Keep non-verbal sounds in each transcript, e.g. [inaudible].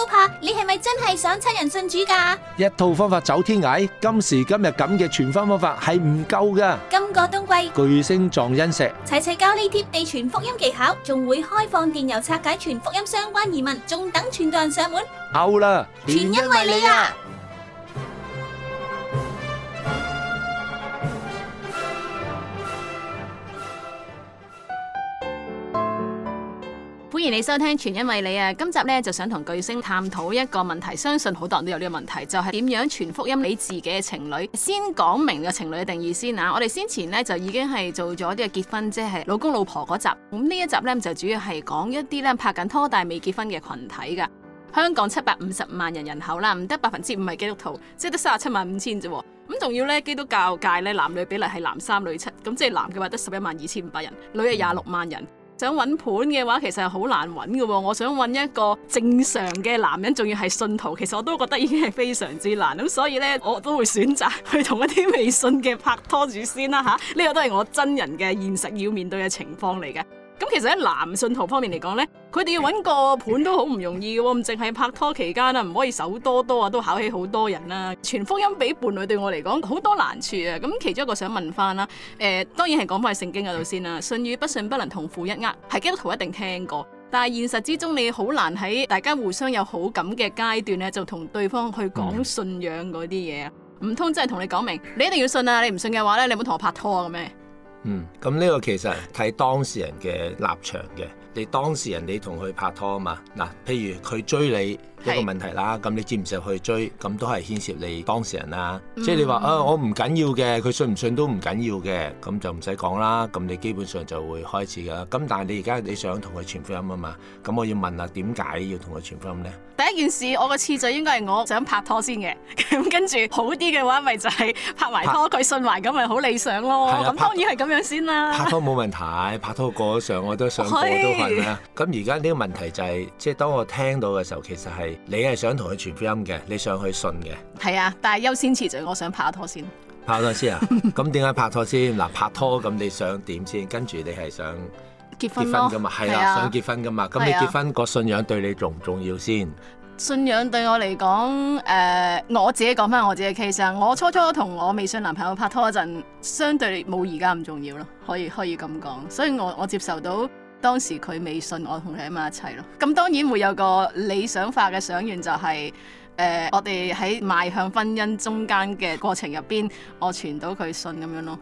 都怕你係咪真係想親人信主噶？一套方法走天涯，今時今日咁嘅傳福音方法係唔夠噶。今個冬季巨星撞恩石，齊齊教呢貼地傳福音技巧，仲會開放電郵拆解傳福音相關疑問，仲等傳到人上門。歐啦，全因為你啊！歡迎你收聽《全因為你》啊！今集咧就想同巨星探討一個問題，相信好多人都有呢個問題，就係點樣傳福音你自己嘅情侶？先講明個情侶嘅定義先啊！我哋先前咧就已經係做咗啲嘅結婚，即係老公老婆嗰集。咁呢一集咧就主要係講一啲咧拍緊拖但未結婚嘅群體噶。香港七百五十萬人人口啦，唔得百分之五係基督徒，即係得三十七萬五千啫。咁仲要咧基督教界咧男女比例係男三女七，咁即係男嘅話得十一萬二千五百人，女係廿六萬人。嗯想揾伴嘅話，其實係好難揾嘅喎。我想揾一個正常嘅男人，仲要係信徒，其實我都覺得已經係非常之難。咁所以呢，我都會選擇去同一啲未信嘅拍拖住先啦嚇。呢個都係我真人嘅現實要面對嘅情況嚟嘅。其實喺男信徒方面嚟講呢，佢哋要揾個伴都好唔容易嘅，唔淨係拍拖期間啊，唔可以手多多啊，都考起好多人啦、啊。傳福音俾伴侶對我嚟講好多難處啊。咁其中一個想問翻啦，誒、呃，當然係講翻聖經嗰度先啦。信與不信不能同負一軛，係基督徒一定聽過。但係現實之中你好難喺大家互相有好感嘅階段呢，就同對方去講信仰嗰啲嘢啊。唔通真係同你講明，你一定要信啊！你唔信嘅話呢，你唔好同我拍拖啊咁咩？嗯，咁呢個其實睇當事人嘅立場嘅，你當事人你同佢拍拖啊嘛，嗱，譬如佢追你。是一個問題啦，咁你知唔接受去追，咁都係牽涉你當事人啦。嗯、即係你話啊，我唔緊要嘅，佢信唔信都唔緊要嘅，咁就唔使講啦。咁你基本上就會開始噶啦。咁但係你而家你想同佢傳福音啊嘛？咁我要問啊，點解要同佢傳福音咧？第一件事，我個次序應該係我想拍拖先嘅。咁 [laughs] 跟住好啲嘅話，咪就係拍埋拖，佢拍信埋咁咪好理想咯。咁、啊、當然係咁拍樣先啦。拍拖冇問題，拍拖過咗上我都上過都瞓啦。咁而家呢個問題就係、是，即係當我聽到嘅時候，其實係。你係想同佢傳福音嘅，你想去信嘅。係啊，但係優先次序，我想拍拖先。拍拖先啊？咁點解拍拖先？嗱，拍拖咁你想點先？跟住你係想結婚㗎嘛？係啦，想結婚㗎嘛？咁你結婚、啊、個信仰對你重唔重要先？信仰對我嚟講，誒、呃，我自己講翻我自己嘅 case。其實我初初同我未信男朋友拍拖嗰陣，相對冇而家咁重要咯，可以可以咁講。所以我我接受到。當時佢未信我同你喺埋一齊咯，咁當然會有個理想化嘅想願、就是，就係誒我哋喺邁向婚姻中間嘅過程入邊，我傳到佢信咁樣咯。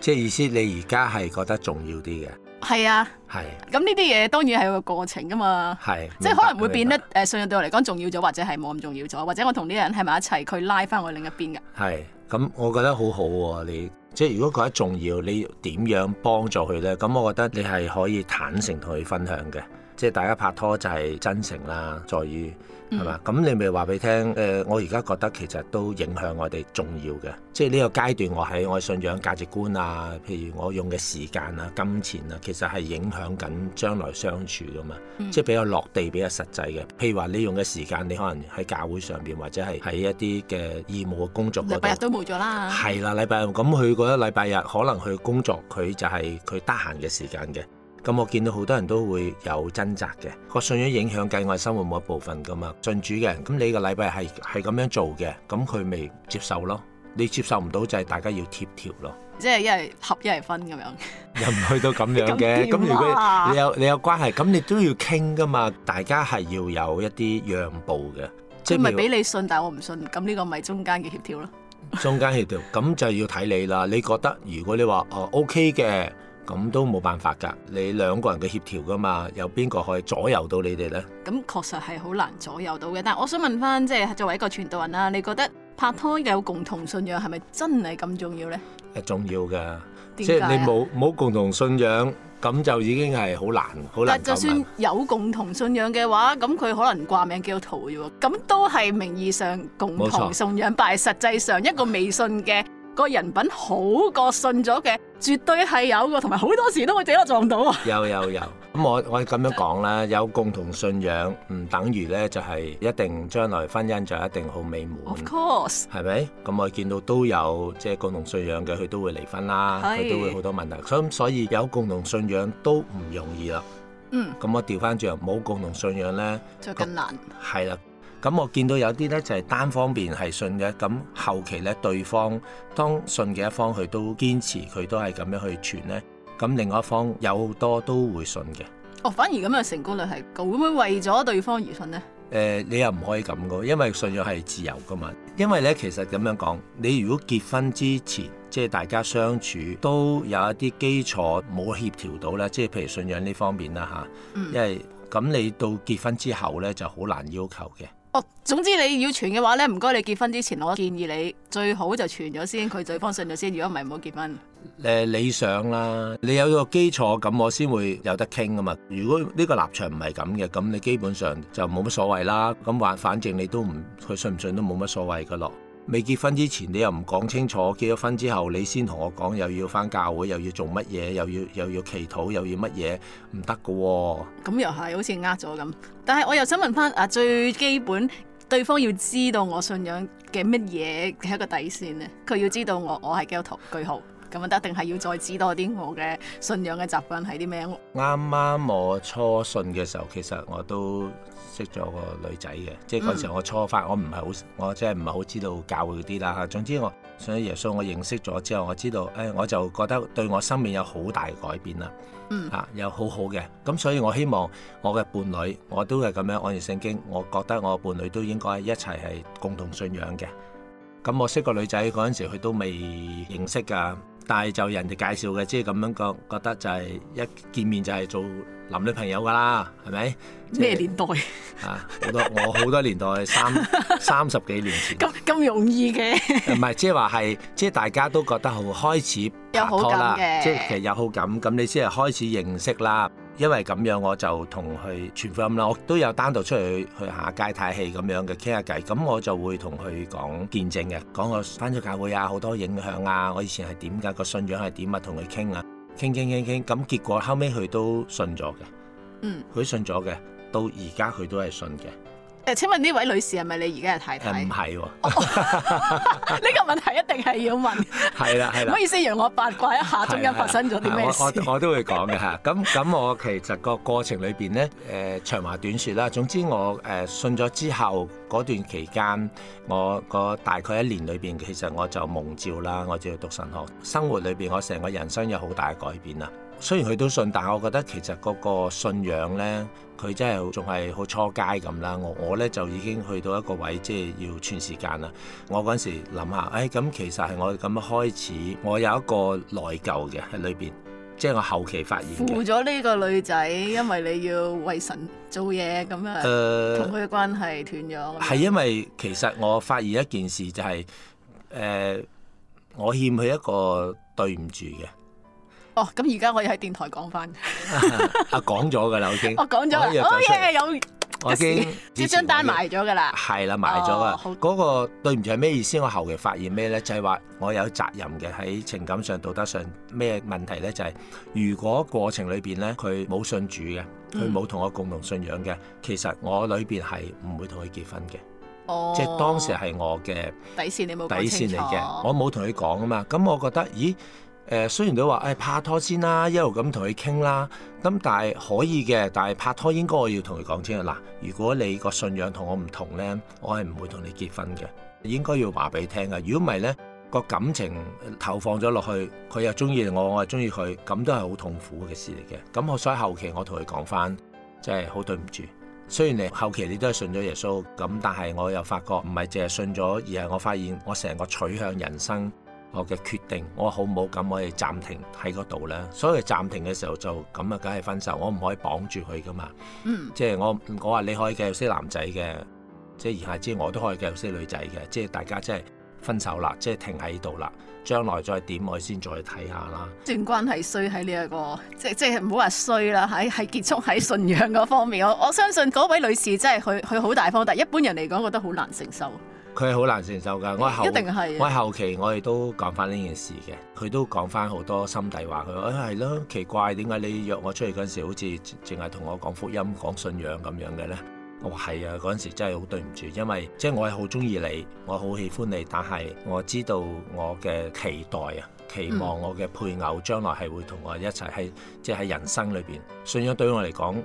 即係意思，你而家係覺得重要啲嘅？係啊，係是。咁呢啲嘢當然係有個過程噶嘛。係，即係可能會變得誒，白信任對我嚟講重要咗，或者係冇咁重要咗，或者我同呢個人喺埋一齊，佢拉翻我另一邊噶。係，咁我覺得好好、啊、喎，你。即係如果佢覺得重要，你點樣幫助佢咧？咁我覺得你係可以坦誠同佢分享嘅。即係大家拍拖就係真誠啦，在於。係嘛？咁、嗯、你咪話俾你聽誒？我而家覺得其實都影響我哋重要嘅，即係呢個階段我喺我信仰價值觀啊，譬如我用嘅時間啊、金錢啊，其實係影響緊將來相處㗎嘛。嗯、即係比較落地、比較實際嘅。譬如話你用嘅時間，你可能喺教會上邊或者係喺一啲嘅義務嘅工作嗰度。禮拜日都冇咗啦。係啦，禮拜日咁佢覺得禮拜日可能佢工作，佢就係佢得閒嘅時間嘅。咁我見到好多人都會有掙扎嘅，個信仰影響境外生活某一部分噶嘛。信主嘅，人，咁你個禮拜係係咁樣做嘅，咁佢咪接受咯。你接受唔到就係、是、大家要協調咯。即係一係合一係分咁樣。又唔去到咁樣嘅，咁 [laughs] 如果你有你有關係，咁你都要傾噶嘛。大家係要有一啲讓步嘅。佢咪俾你信，但係我唔信，咁呢個咪中間嘅協調咯。 [laughs] 中間協調，咁就要睇你啦。你覺得如果你話哦、啊、OK 嘅。咁都冇辦法㗎，你兩個人嘅協調㗎嘛，有邊個可以左右到你哋呢？咁確實係好難左右到嘅。但係我想問翻，即係作為一個傳道人啦，你覺得拍拖有共同信仰係咪真係咁重要呢？係重要㗎，即係你冇冇共同信仰，咁就已經係好難好難。但係就算有共同信仰嘅話，咁佢可能掛名基督徒啫喎，咁都係名義上共同信仰，但係實際上一個未信嘅個人品好過信咗嘅。絕對係有㗎，同埋好多時都會自己撞到啊！有有有，咁我我咁樣講啦， [laughs] 有共同信仰唔等於呢就係、是、一定將來婚姻就一定好美滿。Of course，係咪？咁我見到都有即係共同信仰嘅，佢都會離婚啦，佢是都會好多問題所，所以有共同信仰都唔容易啦。嗯。咁我調翻轉，冇共同信仰呢，就更難。係啦。咁我見到有啲咧就係、是、單方面係信嘅，咁後期咧對方當信嘅一方，佢都堅持佢都係咁樣去傳咧，咁另外一方有多都會信嘅。哦，反而咁樣成功率係高，會唔會為咗對方而信呢？誒、呃，你又唔可以咁嘅，因為信仰係自由噶嘛。因為咧，其實咁樣講，你如果結婚之前即係大家相處都有一啲基礎冇協調到啦，即係譬如信仰呢方面啦嚇，嗯、因為咁你到結婚之後咧就好難要求嘅。Oh, 總之你要傳嘅話呢，唔該你結婚之前，我建議你最好就傳咗先，佢對方信咗先。如果唔係，唔好結婚。誒，理想啦，啊，你有個基礎，咁我先會有得傾噶嘛。如果呢個立場唔係咁嘅，咁你基本上就冇乜所謂啦。咁話反正你都唔，佢信唔信都冇乜所謂噶咯。未結婚之前你又唔講清楚，結咗婚之後你先同我講又要翻教會，又要做乜嘢，又要又要祈禱，又要乜嘢，唔得㗎喎。咁又係好似呃咗咁，但係我又想問翻啊，最基本對方要知道我信仰嘅乜嘢係一個底線呢，佢要知道我我係幾多號句號咁啊？我一定係要再知多啲我嘅信仰嘅習慣係啲咩？啱啱我初信嘅時候，其實我都。識咗個女仔嘅，即係嗰時我初發，我唔係好，我即係唔係好知道教會啲啦。總之我，上咗耶穌我認識咗之後，我知道，誒、哎、我就覺得對我生命有好大改變啦。啊，又好好嘅，咁所以我希望我嘅伴侶我都係咁樣按住聖經，我覺得我伴侶都應該一齊係共同信仰嘅。咁我識個女仔嗰陣時，佢都未認識噶。但係就人哋介紹嘅，即係咁樣覺覺得就係一見面就係做男女朋友㗎啦，係咪？咩、即係、年代？ [laughs] 啊，好多我好多年代三三十幾年前。咁咁 [laughs] 容易嘅？唔 [laughs] 係，即係話係，即、就、係、是、大家都覺得好開始有好感嘅，即係其實有好感，咁你先係開始認識啦。因為咁樣，我就同佢傳福音啦。我都有單獨出去去下街睇戲咁樣嘅傾下偈。咁我就會同佢講見證嘅，講我返咗教會啊，好多影響啊，我以前係點噶，個信仰係點啊，同佢傾啊，傾傾傾傾。咁結果後尾，佢都信咗嘅。嗯，佢信咗嘅，到而家佢都係信嘅。誒、嗯，請問呢位女士係咪你而家嘅太太？唔係喎，呢個問題。 [laughs] [laughs] [laughs] 一定係要問，係啦係啦，唔好意思，讓我八卦一下，中間發生咗啲咩事我我？我都會講嘅嚇。咁咁， [laughs] 我其實個過程裏邊咧，誒、呃、長話短説啦。總之我誒、呃、信咗之後，嗰段期間，我個大概一年裏邊，其實我就蒙召啦，我就去讀神學。生活裏邊，我成個人生有好大改變啦。雖然佢都信，但係我覺得其實嗰個信仰呢，佢真係仲係好初階咁啦。我我呢就已經去到一個位，即係要全時間啦。我嗰陣時諗下，誒、哎、咁其實係我咁開始，我有一個內疚嘅喺裏邊，即、就、係、是、我後期發現，負咗呢個女仔，因為你要為神做嘢咁樣，同佢嘅關係斷咗。係因為其實我發現一件事、就是，就係誒我欠佢一個對唔住嘅。哦，咁而家可以喺電台講翻， [laughs] 啊講咗噶啦，我已經 [laughs] 我講咗啦，嗰嘢、oh, yeah, yeah, 有我已經即係張單埋咗噶啦，係啦埋咗啊，嗰、oh, 個對唔住係咩意思？我後期發現咩咧，就係、是、話我有責任嘅喺情感上、道德上咩問題咧？就係、是、如果過程裏邊咧，佢冇信主嘅，佢冇同我共同信仰嘅，mm. 其實我裏邊係唔會同佢結婚嘅，即係、oh, 當時係我嘅底線你，你冇底線嚟嘅，我冇同佢講啊嘛，咁我覺得咦？誒雖然你話誒拍拖先啦，一路咁同佢傾啦，咁但係可以嘅。但係拍拖應該我要同佢講清楚嘅嗱。如果你個信仰同我唔同呢，我係唔會同你結婚嘅。應該要話俾你聽㗎。如果唔係呢，個感情投放咗落去，佢又中意我，我又中意佢，咁都係好痛苦嘅事嚟嘅。咁我所以後期我同佢講翻，即係好對唔住。雖然你後期你都係信咗耶穌，咁但係我又發覺唔係淨係信咗，而係我發現我成個取向人生。我嘅決定，我好唔好咁，我哋暫停喺嗰度啦。所以暫停嘅時候就咁啊，梗係分手，我唔可以綁住佢㗎嘛。嗯，即係我我話你可以繼續識男仔嘅，即係言下之我都可以繼續識女仔嘅。即係大家即係分手啦，即係停喺度啦。將來再點我先再睇下啦。段關係衰喺呢一個，即即係唔好話衰啦，喺喺結束喺信仰嗰方面， [laughs] 我我相信嗰位女士真係佢佢好大方，但係一般人嚟講覺得好難承受。佢係好難承受㗎，我後我後期我哋都講翻呢件事嘅，佢都講翻好多心底話。佢話：，誒係咯，奇怪點解你約我出去嗰陣時，好似淨係同我講福音、講信仰咁樣嘅咧？我話係啊，嗰陣時真係好對唔住，因為即係、就是、我係好中意你，我好喜歡你，但係我知道我嘅期待啊，期望我嘅配偶將來係會同我一齊喺即係喺人生裏邊，信仰對我嚟講。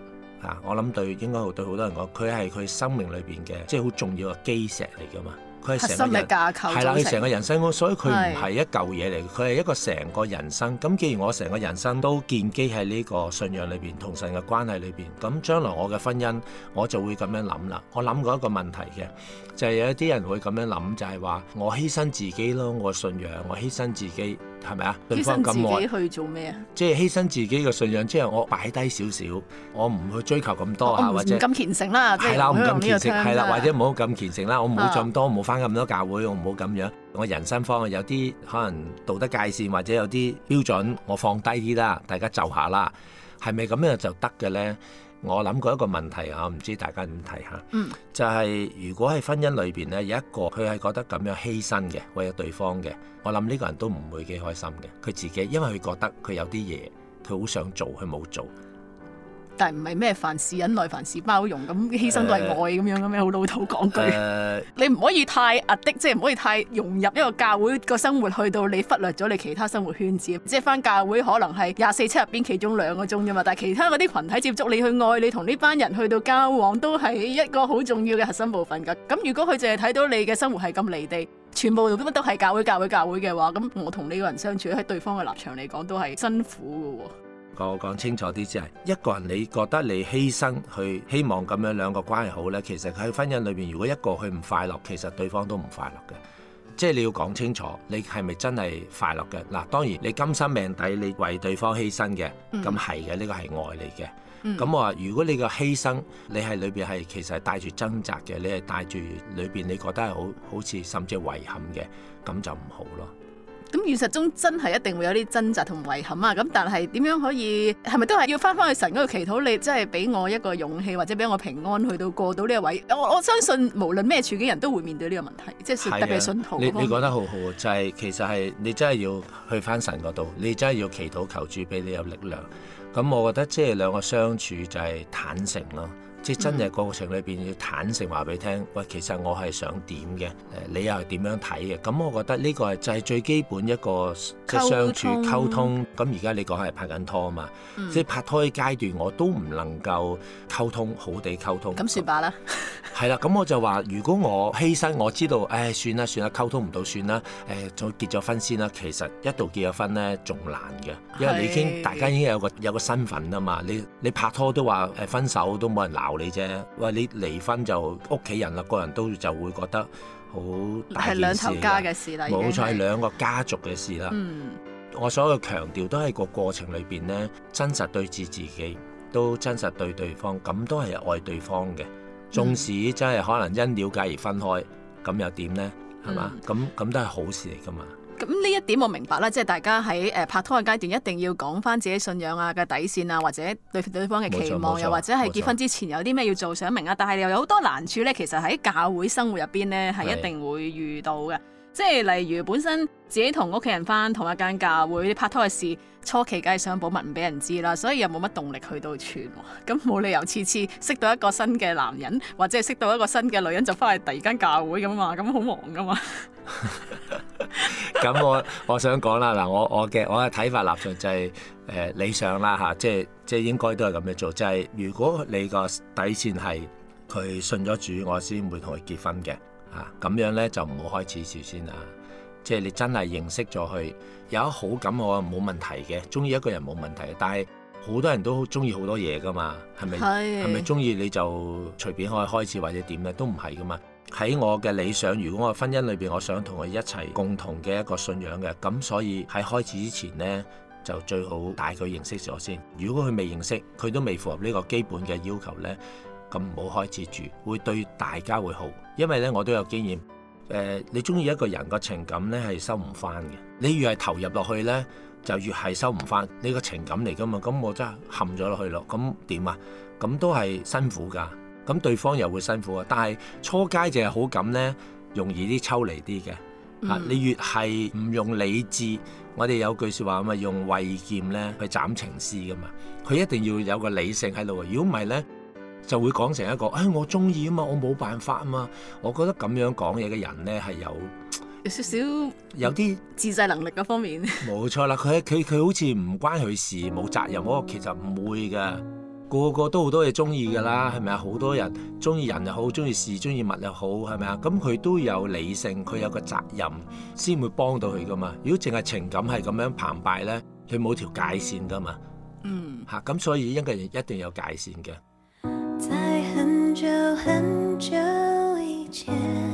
啊！我諗對，應該對好多人講，佢係佢生命裏邊嘅，即係好重要嘅基石嚟噶嘛。佢係成個人核心嘅架構，係啦，佢成個人生，所以佢唔係一嚿嘢嚟，佢係一個成個人生。咁既然我成個人生都建基喺呢個信仰裏邊，同神嘅關係裏邊，咁將來我嘅婚姻，我就會咁樣諗啦。我諗過一個問題嘅，就係有一啲人會咁樣諗，就係話我犧牲自己咯，我信仰，我犧牲自己。係咪啊？對方咁愛，我自己去做咩啊？即係犧牲自己嘅信仰，即係我擺低少少，我唔去追求咁多嚇，我唔或者唔咁虔誠啦，即係唔咁虔誠，係啦，了或者唔好咁虔誠啦，啊，我唔好咁多，唔好翻咁多教會，我唔好咁樣，我人生方向有啲可能道德界線或者有啲標準，我放低啲啦，大家就下啦，係咪咁樣就得嘅咧？我諗過一個問題啊，唔知大家點睇下？嗯、就係、是、如果喺婚姻裏邊咧，有一個佢係覺得咁樣犧牲嘅，為咗對方嘅，我諗呢個人都唔會幾開心嘅。佢自己因為佢覺得佢有啲嘢，佢好想做，佢冇做。但唔係咩凡事忍耐，凡事包容，咁犧牲都係愛咁、uh, 樣嘅咩？好老土講句，uh, [laughs] 你唔可以太 addicted，即係唔可以太融入一個教會個生活，去到你忽略咗你其他生活圈子。即係返教會可能係廿四七入邊其中兩個鐘啫嘛，但係其他嗰啲群體接觸你去愛你同呢班人去到交往，都係一個好重要嘅核心部分㗎。咁如果佢淨係睇到你嘅生活係咁離地，全部都都係教會教會教會嘅話，咁我同呢個人相處喺對方嘅立場嚟講都係辛苦嘅喎。講講清楚啲，即係一個人你覺得你犧牲去希望咁樣兩個關係好呢？其實佢喺婚姻裏邊，如果一個佢唔快樂，其實對方都唔快樂嘅。即係你要講清楚，你係咪真係快樂嘅？嗱，當然你甘心命抵你為對方犧牲嘅，咁係嘅，呢個係愛你嘅。咁我話，如果你個犧牲你係裏邊係其實帶住掙扎嘅，你係帶住裏邊你覺得係好好似甚至遺憾嘅，咁就唔好咯。咁現實中真係一定會有啲掙扎同遺憾啊！咁但係點樣，可以係咪都係要翻翻去神嗰度祈禱？你真係俾我一個勇氣，或者俾我平安去到過到呢個位。我我相信無論咩處境，人都會面對呢個問題，即係特別係信徒嗰方，你你講得好好，就係、係、其實係你真係要去翻神嗰度，你真係要祈禱求主，俾你有力量。咁我覺得即係兩個相處就係坦誠咯、啊。即係真嘅過、嗯、程裏邊要坦誠話俾你聽，喂，其實我係想點嘅，誒，你又點樣睇嘅？咁我覺得呢個就係最基本一個即係相處溝通。咁而家你講係拍緊拖啊嘛，嗯、即係拍拖嘅階段我都唔能夠溝通好地溝通。咁、嗯嗯、算罷啦，係啦。 [laughs] 咁我就話，如果我犧牲，我知道，誒，算啦算啦，溝通唔到算啦。誒，再結咗婚先啦。其實一度結咗婚咧，仲難嘅，因為你已經大家已經有個有個身份啦的嘛。你你，你拍拖都話誒分手都冇人鬧。你啫，喂、哎，你離婚就屋企人啦，個人都就會覺得好大件事啦。冇錯，係兩個家族嘅事啦。嗯，我所有強調都係個過程裏邊咧，真實對住自己，都真實對對方，咁都係愛對方嘅。縱使真係可能因了解而分開，咁、嗯、又點咧？係、嗯、嘛？咁咁都係好事嚟噶嘛？咁呢一點我明白啦，即係大家喺誒、呃、拍拖嘅階段，一定要講返自己信仰啊嘅底線啊，或者對對方嘅期望，又或者係結婚之前有啲咩要做想明啊。冇錯。但係又有好多難處咧，其實喺教會生活入邊咧，係一定會遇到嘅。即係例如本身自己同屋企人翻同一間教會拍拖嘅事，初期梗係想保密唔俾人知啦，所以又冇乜動力去到串，咁冇理由次次識到一個新嘅男人或者係識到一個新嘅女人就翻去第二間教會噶嘛，咁好忙噶嘛。咁我我想講啦，嗱我我嘅我嘅睇法立場就係誒理想啦吓，即係即係應該都係咁樣做，就係如果你個底線係佢信咗主，我先會同佢結婚嘅。啊，咁樣呢，就唔好開始事先啦。即係你真係認識咗佢，有一好感，我冇問題嘅。中意一個人冇問題，但係好多人都中意好多嘢噶嘛，係咪？係咪中意你就隨便可以開始或者點咧？都唔係噶嘛。喺我嘅理想，如果我婚姻裏邊我想同佢一齊共同嘅一個信仰嘅，咁所以喺開始之前呢，就最好帶佢認識咗先。如果佢未認識，佢都未符合呢個基本嘅要求呢。咁唔好開始住，會對大家會好，因為咧我都有經驗。誒、呃，你中意一個人個情感咧係收唔翻嘅，你越係投入落去咧，就越係收唔翻。你個情感嚟噶嘛，咁我真係陷咗落去咯。咁點啊？咁都係辛苦噶，咁對方又會辛苦啊。但係初階就係好感咧，容易啲抽離啲嘅嚇。你越係唔用理智，我哋有句説話咁啊，用慧劍咧去斬情絲噶嘛。佢一定要有個理性喺度啊。如果唔係咧，就會講成一個，哎，我中意啊嘛，我冇辦法啊嘛。我覺得咁樣講嘢嘅人咧係有有少少有啲點自制能力嘅方面。冇錯啦，佢佢佢好似唔關佢事，冇責任嗰個其實唔會嘅。個個都好多嘢中意噶啦，係咪啊？好多人中意人又好，中意事中意物又好，係咪啊？咁、嗯、佢都有理性，佢有個責任先會幫到佢噶嘛。如果淨係情感係咁樣澎湃咧，佢冇條界線噶嘛。嗯，吓，咁所以一個人一定有界線嘅。很久很久以前。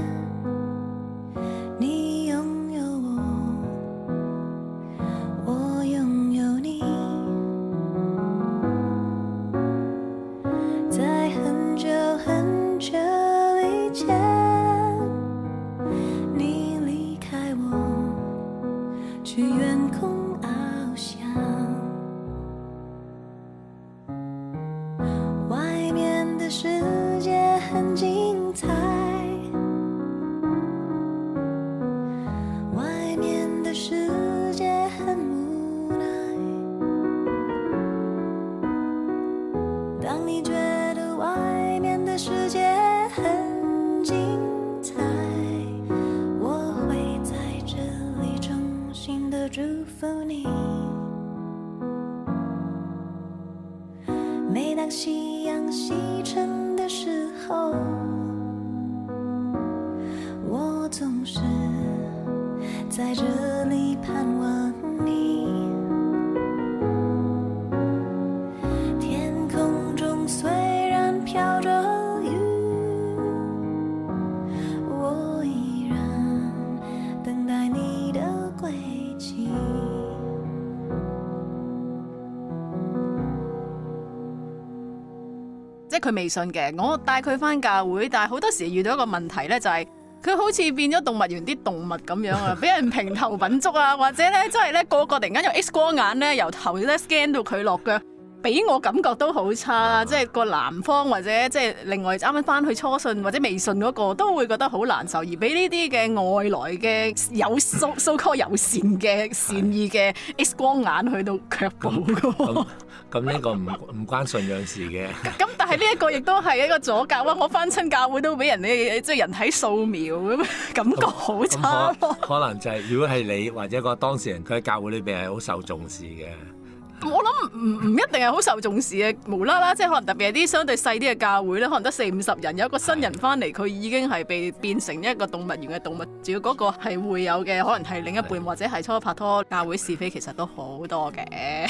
佢未信嘅，我帶佢翻教會，但係好多時遇到一個問題咧、就是，就係佢好似變咗動物園啲動物咁樣啊，俾人平頭品足啊，或者咧，即係咧個個突然間用 X 光眼咧，由頭咧 scan 到佢落腳。俾我感覺都好差，嗯、即係個男方或者即係另外啱啱翻去初信或者微信嗰個都會覺得好難受，而俾呢啲嘅外來嘅有 so, so called, 有善嘅善意嘅 X 光眼去到卻步嘅喎。咁呢個唔唔關信仰事嘅。咁 [laughs] 但係呢一個亦都係一個阻隔啊！我翻親教會都俾人哋即係人體掃描咁，感覺好差，嗯嗯可。可能就係如果係你或者個當事人，佢喺教會裏邊係好受重視嘅。我諗唔唔一定係好受重視嘅，無啦啦即係可能特別係啲相對細啲嘅教會咧，可能得四五十人，有一個新人翻嚟，佢已經係被變成一個動物園嘅動物。主要嗰個係會有嘅，可能係另一半的或者係初拍拖，教會是非其實都好多嘅。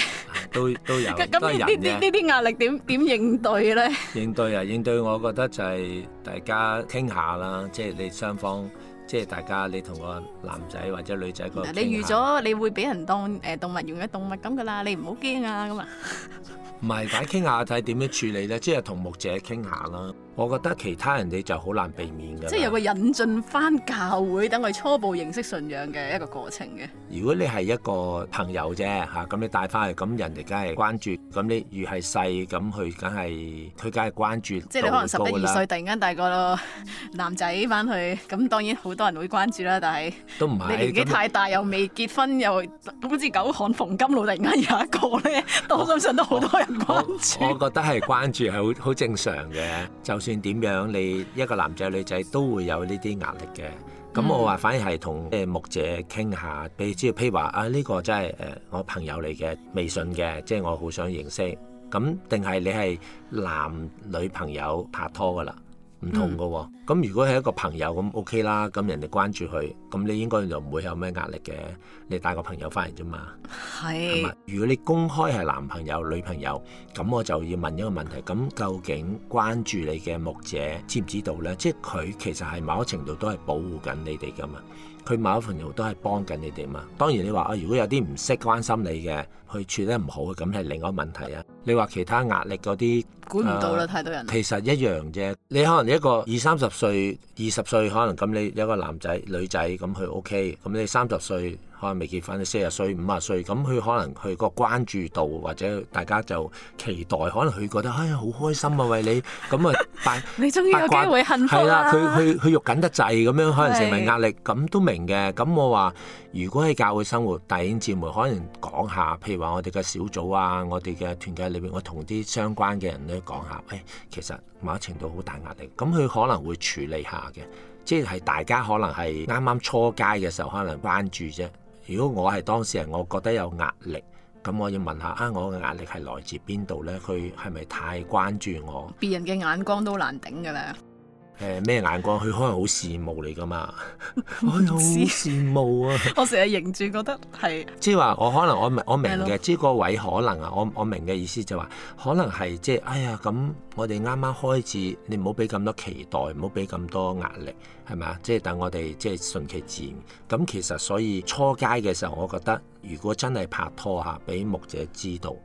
都都有，都係人嘅。咁呢啲呢啲壓力點點應對呢？應對啊，應對我覺得就係大家傾下啦，即係你雙方。即係大家，你同個男仔或者女仔個，你預咗你會俾人當誒動物園嘅動物咁噶啦，你唔好驚啊咁啊！唔係， [laughs] 大家傾下睇點樣處理咧， [laughs] 即係同木姐傾下啦。我覺得其他人哋就好難避免嘅，即係有個引進翻教會等佢初步認識信仰嘅一個過程嘅。如果你係一個朋友啫嚇，咁你帶翻去，咁人哋梗係關注。咁你越係細，咁佢梗係佢梗係關注。即係你可能十一二歲，突然間大個男仔翻去，咁當然好多人會關注啦。但係都唔係，你年紀太大又未結婚，又好似久旱逢甘露，突然間有一個咧，多數上都好多人關注。我覺得係關注係好好正常嘅，就。算點樣？你一個男仔、女仔都會有呢啲壓力嘅。咁我話反而係同即係牧者傾下，譬如即係譬如話啊，呢、這個真係誒我朋友嚟嘅，微信嘅，即、就、係、是、我好想認識。咁定係你係男女朋友拍拖㗎喇？唔同噶喎，哦，咁、嗯、如果係一個朋友咁 O K 啦，咁人哋關注佢，咁你應該就唔會有咩壓力嘅。你帶個朋友翻嚟啫嘛。係是。如果你公開係男朋友、女朋友，咁我就要問一個問題，咁究竟關注你嘅牧者知唔知道呢？即係佢其實係某程度都係保護緊你哋噶嘛，佢某程度都係幫緊你哋嘛。當然你話啊、哎，如果有啲唔識關心你嘅，去處理得唔好嘅，咁係另外一個問題啊。你話其他壓力嗰啲。估唔到啦，啊、太多人。其實一樣啫，你可能一個二三十歲、二十歲，可能咁你一個男仔、女仔咁佢 OK，咁你三十歲。可能未結婚，四十歲、五十歲，咁佢可能佢個關注度或者大家就期待，可能佢覺得唉好、哎、開心啊，喂，你咁啊，但 [laughs] 你終於有機會幸福啦。係啦掛，佢佢佢肉緊得滯咁樣，可能成為壓力，咁的都明嘅。咁我話如果喺教會生活，弟兄姊妹，妹可能講下，譬如話我哋嘅小組啊，我哋嘅團契裏面，我同啲相關嘅人咧講下，誒、哎、其實某程度好大壓力，咁佢可能會處理下嘅，即係大家可能係啱啱初階嘅時候，可能關注啫。如果我係當事人，我覺得有壓力，咁我要問下啊，我嘅壓力係來自邊度呢？佢係咪太關注我？別人嘅眼光都難頂㗎喇。誒咩、呃、眼光？佢可能好羨慕你噶嘛， [laughs] 我好羨慕啊！ [laughs] [laughs] 我成日認住覺得係，即係話我可能我明我明嘅，即係的個位可能啊，我我明嘅意思就係話，可能係即係，哎呀咁，我哋啱啱開始，你唔好俾咁多期待，唔好俾咁多壓力，係咪啊？即係等我哋即係順其自然。咁其實所以初階嘅時候，我覺得如果真係拍拖吓，俾牧者知道。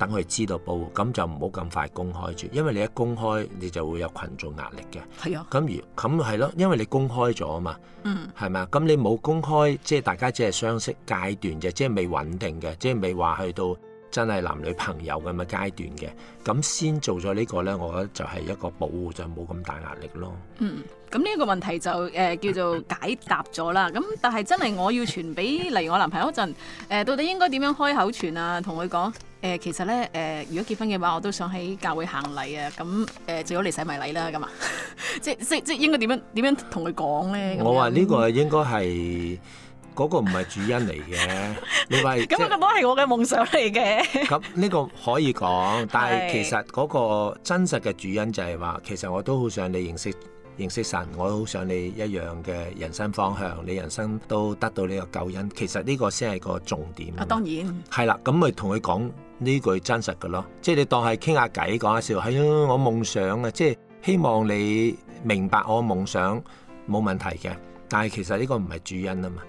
等佢知道保護，咁就唔好咁快公開住，因為你一公開，你就會有群眾壓力嘅。係啊的，咁如咁係咯，因為你公開咗啊嘛，嗯，係咪啊？咁你冇公開，即係大家只係相識階段啫，即係未穩定嘅，即係未話去到真係男女朋友咁嘅階段嘅，咁先做咗呢個咧，我覺得就係一個保護，就冇咁大壓力咯。嗯。咁呢一個問題就誒、呃、叫做解答咗啦。咁但係真係我要傳俾嚟我男朋友嗰陣、呃、到底應該點樣開口傳啊？同佢講誒，其實咧誒、呃，如果結婚嘅話，我都想喺教會行禮啊。咁誒最好嚟洗埋禮啦，咁啊， [laughs] 即即即應該點樣點樣同佢講咧？ [laughs] [laughs] 我話呢個應該係嗰個唔係主因嚟嘅，你話咁，咁都係我嘅夢想嚟嘅。咁 [laughs] 呢、這個可以講，但係其實嗰個真實嘅主因就係話，其實我都好想你認識。認識神，我好想你一樣嘅人生方向，你人生都得到呢個救恩。其實呢個先係個重點。啊，當然。係啦，咁咪同佢講呢句真實嘅咯，即係你當係傾下偈，講下笑。係、哎、啊。我夢想啊，即係希望你明白我夢想冇問題嘅。但係其實呢個唔係主因啊嘛，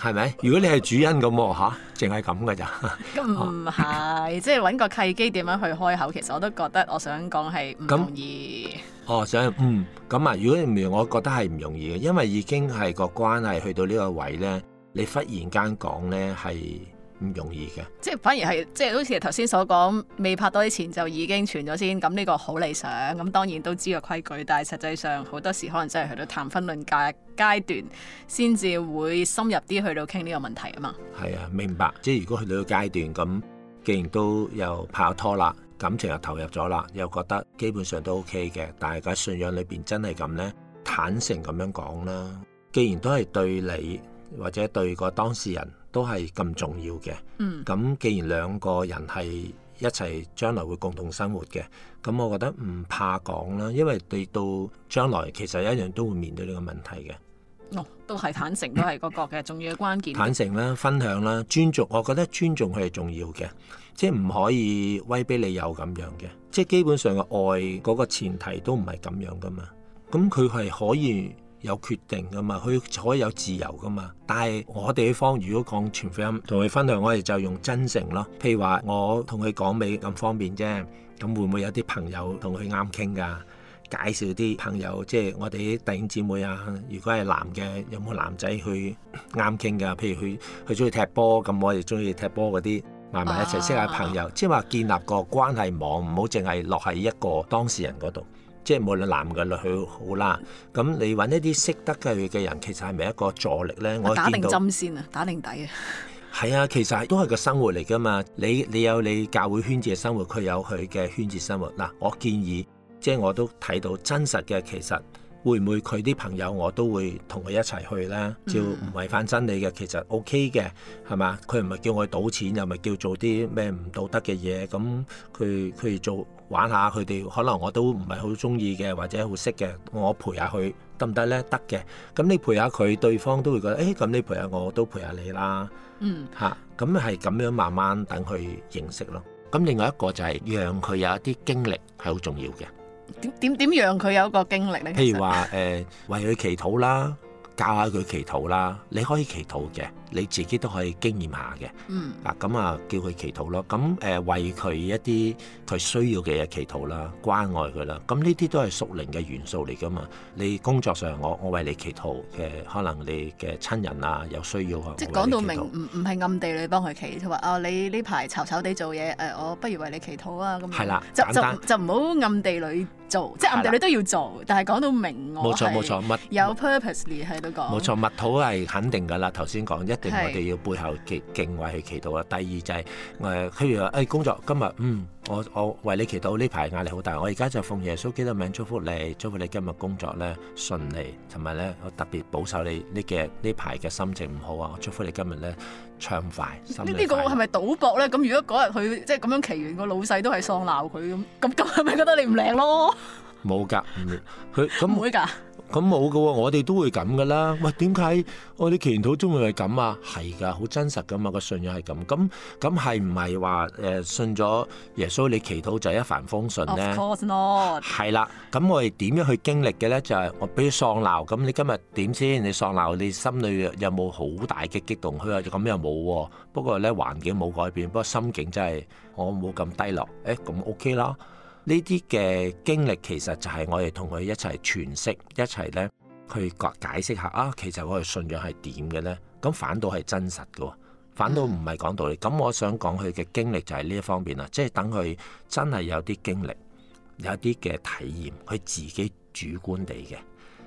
係咪？如果你係主因咁吓，淨係咁㗎咋。咁唔係，即係揾個契機點樣去開口？其實我都覺得我想講係唔容易。哦，想，嗯，咁啊，如果你唔容易，我覺得係唔容易嘅，因為已經係個關係去到呢個位咧，你忽然間講咧係唔容易嘅。即係反而係，即係好似頭先所講，未拍多啲錢就已經存咗先，咁呢個好理想。咁、嗯、當然都知個規矩，但係實際上好多時可能真係去到談婚論嫁階段，先至會深入啲去到傾呢個問題啊嘛。係啊，明白。即係如果去到呢個階段，咁既然都有拍拖啦。感情又投入咗啦，又覺得基本上都 OK 嘅。但係信仰裏邊真係咁呢，坦誠咁樣講啦。既然都係對你或者對個當事人都係咁重要嘅，咁、嗯、既然兩個人係一齊將來會共同生活嘅，咁我覺得唔怕講啦。因為對到將來，其實一樣都會面對呢個問題嘅。哦，都係坦誠，都係嗰個嘅，重要嘅關鍵。坦誠啦，分享啦，尊重，我覺得尊重佢係重要嘅。即係唔可以威逼利誘咁樣嘅，即係基本上嘅愛嗰個前提都唔係咁樣噶嘛。咁佢係可以有決定噶嘛，佢可以有自由噶嘛。但係我哋一方如果講傳福音同佢分享，我哋就用真誠咯。譬如話我同佢講未咁方便啫，咁會唔會有啲朋友同佢啱傾㗎？介紹啲朋友，即係我哋啲弟兄姊妹啊。如果係男嘅，有冇男仔去啱傾㗎？譬如佢佢中意踢波，咁我哋中意踢波嗰啲。埋埋一齊識下朋友，即係話建立個關係網，唔好淨係落喺一個當事人嗰度。即係無論男嘅女去好啦，咁你揾一啲識得佢嘅人，其實係咪一個助力呢？我打定針先啊，打定底啊。係 [laughs] 啊，其實都係個生活嚟噶嘛。你你有你教會圈子嘅生活，佢有佢嘅圈子生活。嗱、啊，我建議，即係我都睇到真實嘅，其實。會唔會佢啲朋友我都會同佢一齊去呢？照唔違反真理嘅，其實 OK 嘅，係嘛？佢唔係叫我賭錢，又咪叫做啲咩唔道德嘅嘢。咁佢佢做玩下，佢哋可能我都唔係好中意嘅，或者好識嘅，我陪下佢得唔得呢？得嘅。咁你陪下佢，對方都會覺得誒，咁、哎、你陪下我都陪下你啦。嗯，嚇、啊，咁係咁樣慢慢等佢認識咯。咁另外一個就係讓佢有一啲經歷係好重要嘅。點點點讓佢有一個經歷咧？譬如話誒、呃，為佢祈禱啦，教下佢祈禱啦，你可以祈禱嘅。你自己都可以經驗下嘅，嗱咁啊叫佢祈禱咯，咁誒為佢一啲佢需要嘅嘢祈禱啦，關愛佢啦，咁呢啲都係屬靈嘅元素嚟噶嘛？你工作上，我我為你祈禱嘅，可能你嘅親人啊有需要，即係講到明，唔唔係暗地裏幫佢祈禱，話啊你呢排嘈嘈地做嘢，誒我不如為你祈禱啊咁，係啦，就就唔好暗地裏做，即係暗地裏都要做，但係講到明，冇錯冇錯，有 purposely 喺度講，冇錯，默禱係肯定噶啦，頭先講一。我哋要背後敬敬畏去祈禱啦。第二就係、是、誒，譬、呃、如話誒、哎、工作今日嗯，我我為你祈禱，呢排壓力好大。我而家就奉耶穌基督名祝福你，祝福你今日工作咧順利，同埋咧我特別保守你呢幾呢排嘅心情唔好啊。我祝福你今日咧暢快。快是是賭博呢呢個係咪賭博咧？咁如果嗰日佢即係咁樣祈完，個老細都係喪鬧佢咁，咁咁係咪覺得你唔靚咯？冇 [laughs] 噶，佢唔 [laughs] 會噶。咁冇噶喎，我哋都會咁噶啦。喂，點解我哋祈禱中會係咁啊？係噶，好真實噶嘛，個信仰係咁。咁咁係唔係話誒信咗耶穌，你祈禱就係一帆風順咧？Of course not。係啦，咁我哋點樣去經歷嘅咧？就係我俾你喪鬧，咁你今日點先？你喪鬧，你心裏有冇好大嘅激動？佢話咁又冇喎，不過咧環境冇改變，不過心境真係我冇咁低落。誒，咁 OK 啦。呢啲嘅經歷其實就係我哋同佢一齊詮釋一齊咧去解解釋下啊，其實我哋信仰係點嘅咧？咁反倒係真實嘅，反倒唔係講道理。咁我想講佢嘅經歷就係呢一方面啦，即係等佢真係有啲經歷，有啲嘅體驗，佢自己主觀地嘅。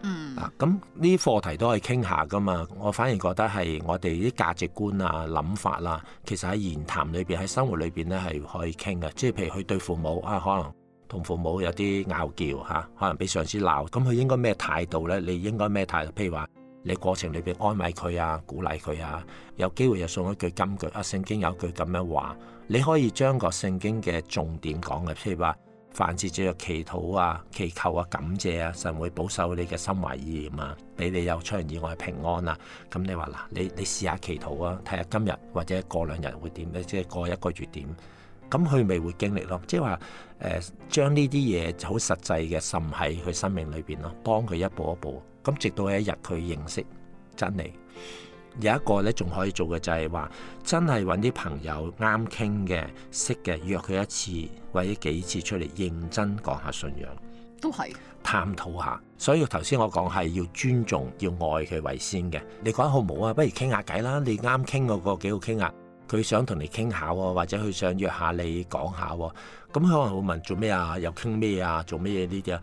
嗯啊，咁呢啲課題都可以傾下噶嘛。我反而覺得係我哋啲價值觀啊、諗法啦、啊，其實喺言談裏邊、喺生活裏邊咧係可以傾嘅。即係譬如佢對父母啊，可能。同父母有啲拗撬吓，可能俾上司鬧，咁佢應該咩態度呢？你應該咩態度？譬如話，你過程裏邊安慰佢啊，鼓勵佢啊，有機會又送一句金句啊。聖經有一句咁樣話，你可以將個聖經嘅重點講嘅，譬如話，凡事藉著祈禱啊、祈求啊、感謝啊，神會保守你嘅心懷意念啊，俾你有出人意外嘅平安啊。咁你話嗱，你你試下祈禱啊，睇下今日或者過兩日會點呢，即係過一個月點。咁佢咪會經歷咯，即係話誒，將呢啲嘢好實際嘅滲喺佢生命裏邊咯，幫佢一步一步，咁直到有一日佢認識真理。有一個咧仲可以做嘅就係話，真係搵啲朋友啱傾嘅、識嘅，約佢一次或者幾次出嚟認真講下信仰，都係探討下。所以頭先我講係要尊重、要愛佢為先嘅。你講得好唔好啊？不如傾下偈啦，你啱傾嗰個幾好傾啊！佢想同你傾下喎，或者佢想約下你講下喎，咁佢可能會問做咩啊，又傾咩啊，做咩嘢呢啲啊，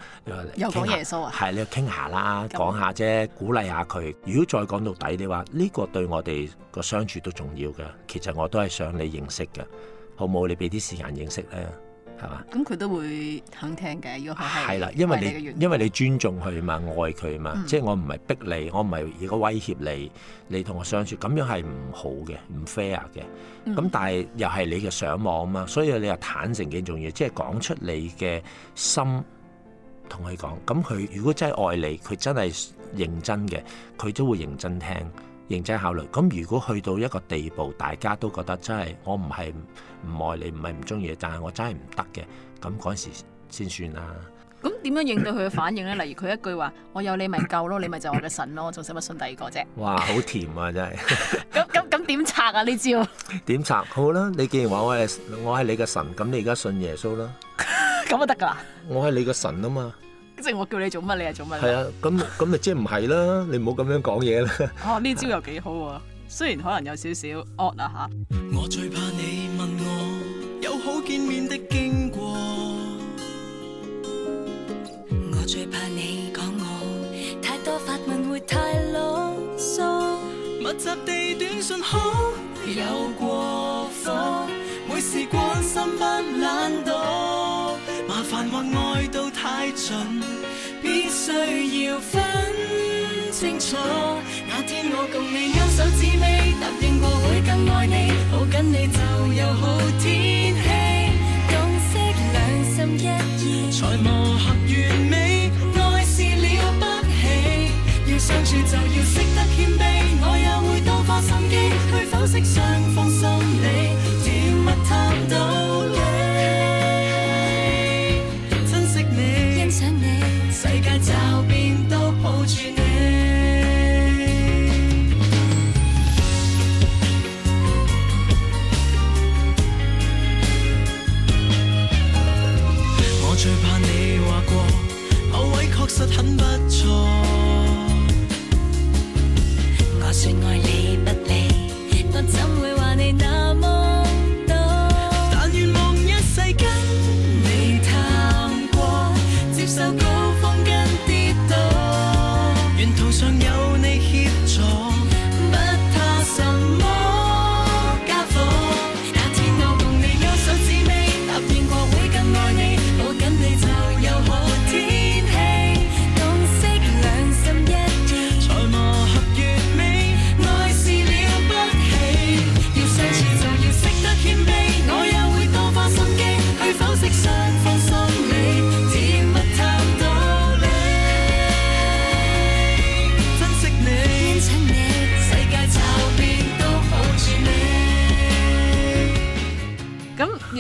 又講耶穌啊，係你傾下啦，講下啫，鼓勵下佢。如果再講到底，你話呢個對我哋個相處都重要嘅，其實我都係想你認識嘅，好唔好？你俾啲時間認識咧。係咁佢都會肯聽嘅，要果係。係啦，因為你，為你因為你尊重佢嘛，愛佢嘛，嗯、即係我唔係逼你，我唔係如果威脅你，你同我相處咁樣係唔好嘅，唔 fair 嘅。咁、嗯、但係又係你嘅上網嘛，所以你又坦誠幾重要，即係講出你嘅心同佢講。咁佢如果真係愛你，佢真係認真嘅，佢都會認真聽。認真考慮，咁如果去到一個地步，大家都覺得真係我唔係唔愛你，唔係唔中意你，但係我真係唔得嘅，咁嗰時先算啦。咁點樣應對佢嘅反應呢？例如佢一句話，我有你咪夠咯，你咪就我嘅神咯，我仲使乜信第二個啫？哇，好甜啊，真係！咁咁咁點拆啊？呢招？點拆？好啦，你既然話我係我係你嘅神，咁你而家信耶穌啦，咁就得噶啦。我係你嘅神啊嘛。即係我叫你做乜你係做乜？係啊，咁咁咪即係唔係啦？你唔好咁樣講嘢啦。哦，呢招又幾好喎，雖然可能有少少惡啦吓。還和愛到太盡，必須要分清楚。 [noise] 那天我共你勾手指尾，答應過會更愛你，抱緊你就有好天氣，共識兩心一致， [noise] 才磨合完美。愛是了不起，要相處就要識得謙卑，我也會多花心機去否識相？我最怕你話過某位確實很不錯。我説愛你不理，我怎會話你那麼多？但願夢一世跟你談過。接受過。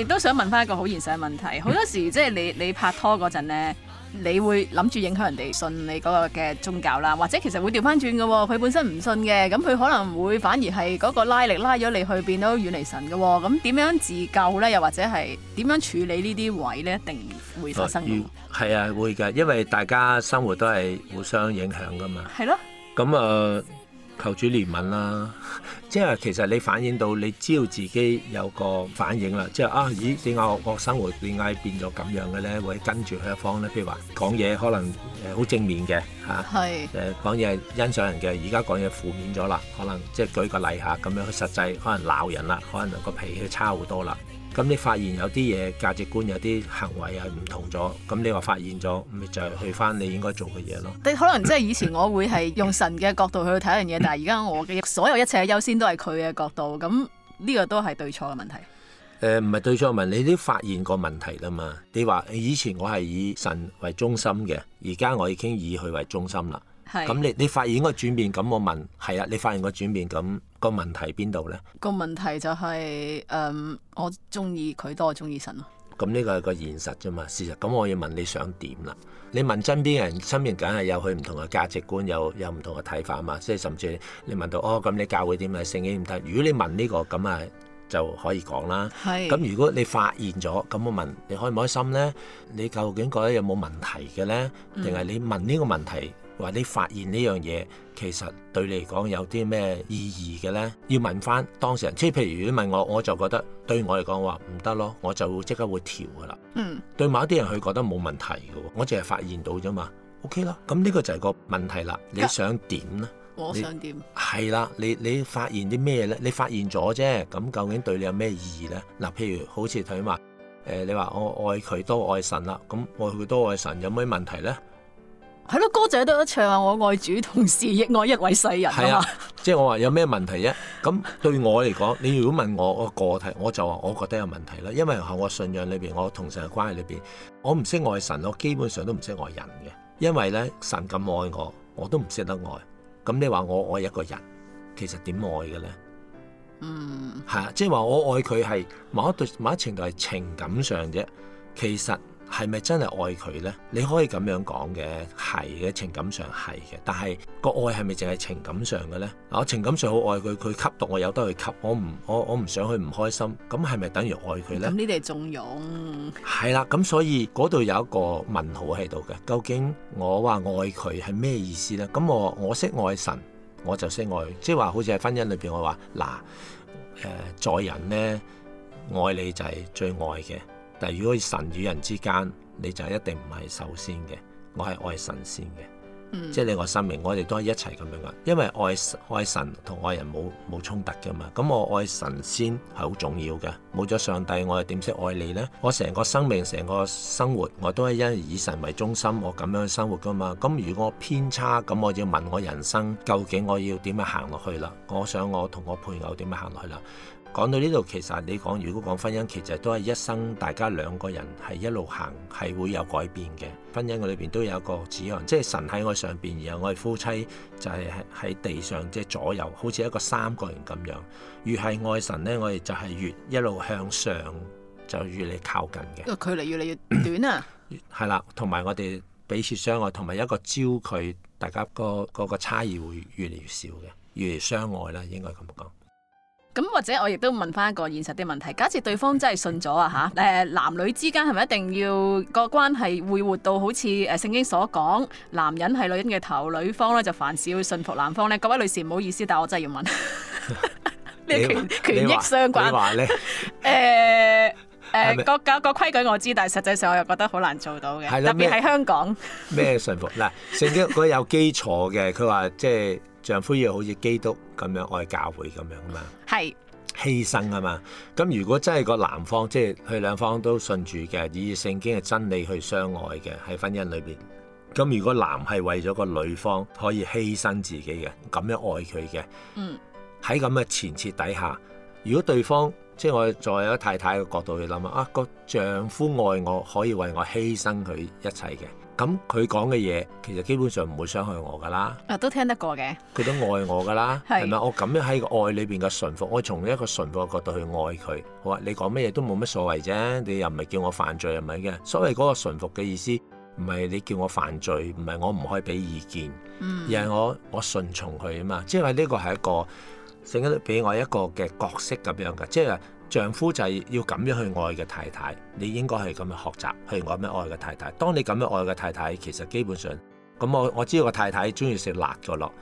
亦都想問翻一個好現實嘅問題，好多時即係你你拍拖嗰陣咧，你會諗住影響人哋信你嗰個嘅宗教啦，或者其實會調翻轉嘅喎，佢本身唔信嘅，咁佢可能會反而係嗰個拉力拉咗你去變到遠離神嘅喎，咁、嗯、點樣自救咧？又或者係點樣處理呢啲位咧？一定會發生嘅。係啊、啊，會㗎，因為大家生活都係互相影響㗎嘛。係咯、啊。咁啊、嗯呃，求主憐憫啦。 [laughs] 即係其實你反映到，你知道自己有個反應啦。即係啊，咦？點解我，我生活點解變咗咁樣嘅咧？或者跟住佢一方咧，譬如話講嘢可能誒好正面嘅嚇係，誒講嘢欣賞人嘅。而家講嘢負面咗啦，可能即係舉個例下，咁樣，實際可能鬧人啦，可能個脾氣差好多啦。咁你發現有啲嘢價值觀有啲行為係唔同咗，咁你話發現咗，咪就係去翻你應該做嘅嘢咯。你可能即係以前我會係用神嘅角度去睇一樣嘢， [laughs] 但係而家我嘅所有一切優先都係佢嘅角度。咁呢個都係對錯嘅問題。誒、呃，唔係對錯問，你都發現個問題啦嘛。你話以前我係以神為中心嘅，而家我已經以佢為中心啦。係是。咁你你發現個轉變，咁我問，係啊，你發現個轉變咁？個問題邊度咧？個問題就係誒，我中意佢多，我中意神咯。咁呢個係個現實啫嘛，事實。咁我要問你想點啦？你問身邊嘅人，身邊梗係有佢唔同嘅價值觀，有有唔同嘅睇法嘛即係甚至你問到哦，咁你教會點啊？聖經點睇？如果你問呢個咁啊，就可以講啦。係。咁如果你發現咗，咁我問你開唔開心咧？你究竟覺得有冇問題嘅咧？定係你問呢個問題？嗯話你發現呢樣嘢，其實對你嚟講有啲咩意義嘅咧？要問翻當事人，即係譬如如果問我，我就覺得對我嚟講話唔得咯，我就即刻會調噶啦。嗯，對某啲人佢覺得冇問題嘅，我淨係發現到啫嘛。O K 啦，咁呢個就係個問題啦。你想點咧、啊？我想點？係啦，你你發現啲咩咧？你發現咗啫，咁、嗯、究竟對你有咩意義咧？嗱、呃，譬如好似佢話，誒、呃、你話我愛佢多愛神啦，咁、嗯、愛佢多愛神有咩問題咧？係咯，歌仔都一唱啊！我愛主，同時亦愛一位世人。係啊，即係我話有咩問題啫？咁 [laughs] 對我嚟講，你如果問我個個體，我就話我覺得有問題啦。因為喺我信仰裏邊，我同神嘅關係裏邊，我唔識愛神，我基本上都唔識愛人嘅。因為咧，神咁愛我，我都唔識得愛。咁你話我愛一個人，其實點愛嘅咧？嗯，係啊，即係話我愛佢係某一對、某一程度係情感上啫，其實。係咪真係愛佢呢？你可以咁樣講嘅，係嘅，情感上係嘅。但係個愛係咪淨係情感上嘅呢？我情感上好愛佢，佢吸毒我由得佢吸，我唔我我唔想去唔開心，咁係咪等於愛佢呢？咁你哋縱容？係啦，咁所以嗰度有一個問號喺度嘅。究竟我話愛佢係咩意思呢？咁我我識愛神，我就識愛，即係話好似喺婚姻裏邊，我話嗱，誒、呃，在人呢，愛你就係最愛嘅。但如果神與人之間，你就一定唔係首先嘅。我係愛神先嘅，嗯、即係你我生命，我哋都係一齊咁樣噶。因為愛愛神同愛人冇冇衝突噶嘛。咁我愛神先係好重要嘅。冇咗上帝，我又點識愛你呢？我成個生命、成個生活，我都係因為以神為中心，我咁樣生活噶嘛。咁如果偏差，咁我要問我人生究竟我要點樣行落去啦？我想我同我配偶點樣行落去啦？講到呢度，其實你講如果講婚姻，其實都係一生，大家兩個人係一路行，係會有改變嘅。婚姻嘅裏邊都有一個指引，即係神喺我上邊，然後我哋夫妻就係喺地上，即係左右，好似一個三個人咁樣。越係愛神呢，我哋就係越一路向上，就越嚟靠近嘅。個距離越嚟越短啊！係 [coughs] 啦，同埋我哋彼此相愛，同埋一個焦距，大家個個個差異會越嚟越少嘅，越嚟相愛啦，應該咁講。咁或者我亦都問翻一個現實的問題，假設對方真係信咗啊吓，誒男女之間係咪一定要個關係會活到好似誒聖經所講，男人係女人嘅頭，女方咧就凡事要信服男方咧？各位女士唔好意思，但係我真係要問咩權權益相關咧？誒誒，個個個規矩我知，但係實際上我又覺得好難做到嘅，係啦，特別喺香港咩信服嗱？聖經嗰有基礎嘅，佢話即係。丈夫要好似基督咁樣愛教會咁樣是嘛，係犧牲啊嘛。咁如果真係個男方，即係佢兩方都信住嘅，以聖經嘅真理去相愛嘅，喺婚姻裏邊，咁如果男係為咗個女方可以犧牲自己嘅，咁樣愛佢嘅，嗯，喺咁嘅前設底下，如果對方，即係我作為太太嘅角度去諗啊，個丈夫愛我可以為我犧牲佢一切嘅。咁佢講嘅嘢其實基本上唔會傷害我噶啦，啊都聽得過嘅，佢都愛我噶啦，係咪？ [laughs] 我咁樣喺個愛裏邊嘅順服，我從一個順服嘅角度去愛佢，好啊？你講乜嘢都冇乜所謂啫，你又唔係叫我犯罪，係咪嘅。所謂嗰個順服嘅意思，唔係你叫我犯罪，唔係我唔可以俾意見，而係我我順從佢啊嘛，即係呢個係一個聖經俾我一個嘅角色咁樣嘅，即係。丈夫就係要咁樣去愛嘅太太，你應該係咁樣學習去愛咩愛嘅太太。當你咁樣愛嘅太太，其實基本上咁我我知道個太太中意食辣㗎咯，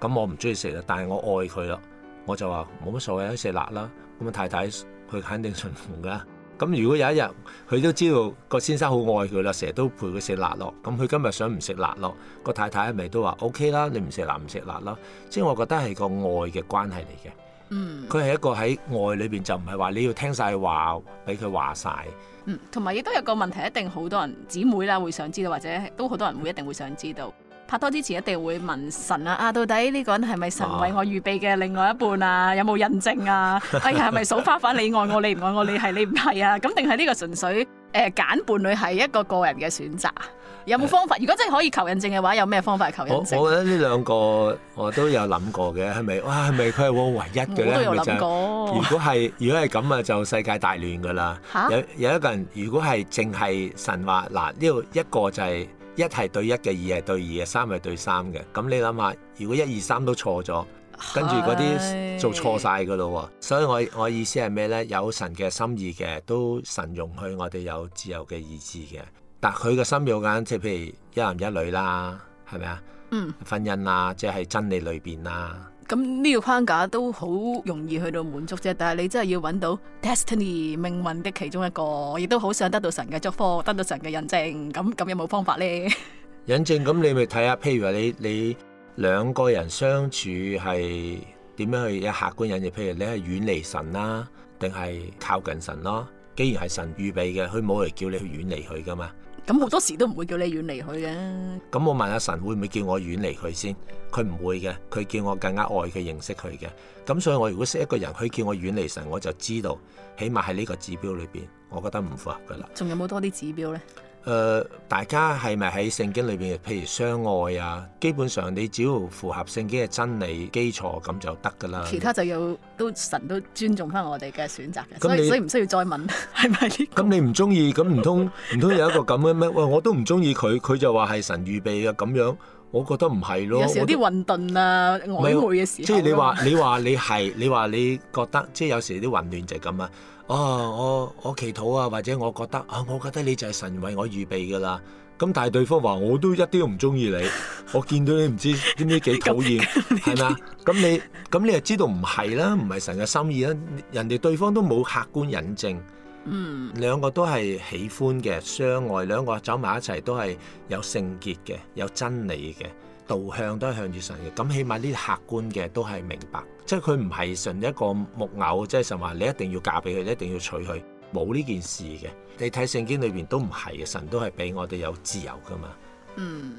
咁我唔中意食啦，但係我愛佢咯，我就話冇乜所謂，食辣啦。咁啊太太佢肯定順從㗎。咁如果有一日佢都知道個先生好愛佢啦，成日都陪佢食辣咯，咁佢今日想唔食辣咯，個太太係咪都話 OK 啦，你唔食辣唔食辣啦。即係我覺得係個愛嘅關係嚟嘅。佢係、嗯、一個喺愛裏邊就唔係話你要聽晒話，俾佢話晒。嗯，同埋亦都有個問題，一定好多人姊妹啦會想知道，或者都好多人會一定會想知道，拍拖之前一定會問神啊，啊到底呢個人係咪神為我預備嘅另外一半啊？啊有冇印證啊？ [laughs] 哎呀，係咪數花瓣？你愛我，你唔愛我，你係你唔係啊？咁定係呢個純粹誒揀、呃、伴侶係一個個人嘅選擇？有冇方法？如果真係可以求人證嘅話，有咩方法求人證？我我覺得呢兩個我都有諗過嘅，係咪？哇，係咪佢係我唯一嘅咧？我都有諗過。如果係，如果係咁啊，就世界大亂噶啦！啊、有有一個人，如果係淨係神話嗱，呢度一個就係、係、一係對一嘅，二係對二嘅，三係對三嘅。咁你諗下，如果一二三都錯咗，跟住嗰啲做錯晒嘅咯喎。是所以我我意思係咩咧？有神嘅心意嘅，都神容許我哋有自由嘅意志嘅。但佢嘅心有間，即係譬如一男一女啦，係咪啊？嗯。婚姻啦，即係真理裏邊啦。咁呢、嗯、個框架都好容易去到滿足啫。但係你真係要揾到 destiny 命運的其中一個，亦都好想得到神嘅祝福，得到神嘅印證。咁咁有冇方法呢？印證咁，你咪睇下，譬如話你你兩個人相處係點樣去一個客觀印證？譬如你係遠離神啦、啊，定係靠近神咯？既然係神預備嘅，佢冇嚟叫你去遠離佢噶嘛？嗯咁好多時都唔會叫你遠離佢嘅。咁我問阿神會唔會叫我遠離佢先？佢唔會嘅，佢叫我更加愛佢，認識佢嘅。咁所以我如果識一個人，佢叫我遠離神，我就知道起碼喺呢個指標裏邊，我覺得唔符合噶啦。仲有冇多啲指標呢？誒、呃，大家係咪喺聖經裏邊？譬如相愛啊，基本上你只要符合聖經嘅真理基礎咁就得噶啦。其他就要都神都尊重翻我哋嘅選擇嘅。所以唔需要再問係咪呢？咁、 [laughs] 這個嗯、你唔中意，咁唔通唔通有一個咁嘅咩？喂！我都唔中意佢，佢就話係神預備嘅咁樣，我覺得唔係咯。有時有啲混沌啊曖昧嘅時、啊，即係你話你話你係你話你，你，你覺得，即係有時啲混亂就係咁啊。啊，我我祈禱啊，或者我覺得啊，我覺得你就係神為我預備嘅啦。咁但係對方話我都一啲都唔中意你，我見到你唔知點知幾討厭，係咪啊？咁你咁你就知道唔係啦，唔係神嘅心意啦。人哋對方都冇客觀引證，嗯，兩個都係喜歡嘅相愛，兩個走埋一齊都係有聖潔嘅，有真理嘅。導向都係向住神嘅，咁起碼呢啲客觀嘅都係明白，即係佢唔係純一個木偶，即係神話你一定要嫁俾佢，你一定要娶佢，冇呢件事嘅。你睇聖經裏邊都唔係嘅，神都係俾我哋有自由噶嘛。嗯，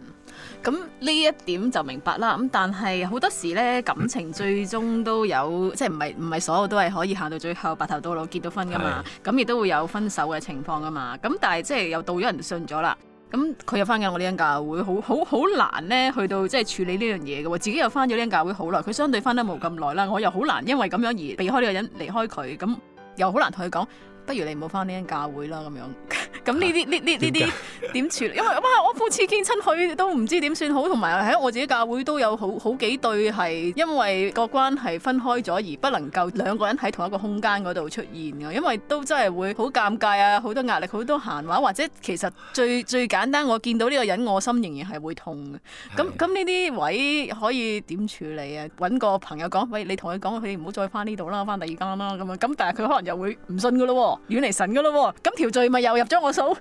咁呢一點就明白啦。咁但係好多時呢，感情最終都有、嗯、即係唔係唔係所有都係可以行到最後白頭到老結到婚噶嘛？咁亦是都會有分手嘅情況噶嘛？咁但係即係又到咗人信咗啦。咁佢又返緊我呢間教會，好好好難咧，去到即係處理呢樣嘢嘅喎。自己又返咗呢間教會好耐，佢相對返得冇咁耐啦。我又好難，因為咁樣而避開呢個人，離開佢，咁又好難同佢講，不如你唔好返呢間教會啦咁樣。咁呢啲呢呢呢啲點處理，因為哇，我多次見親佢都唔知點算好，同埋喺我自己教會都有好好幾對係因為個關係分開咗，而不能夠兩個人喺同一個空間嗰度出現嘅，因為都真係會好尷尬啊，好多壓力，好多閒話，或者其實最最簡單，我見到呢個人，我心仍然係會痛嘅。咁咁呢啲位可以點處理啊？揾個朋友講，喂，你同佢講，你唔好再翻呢度啦，翻第二間啦，咁樣。咁但係佢可能又會唔信嘅咯，遠離神嘅咯。咁條罪咪又，又入咗我。好，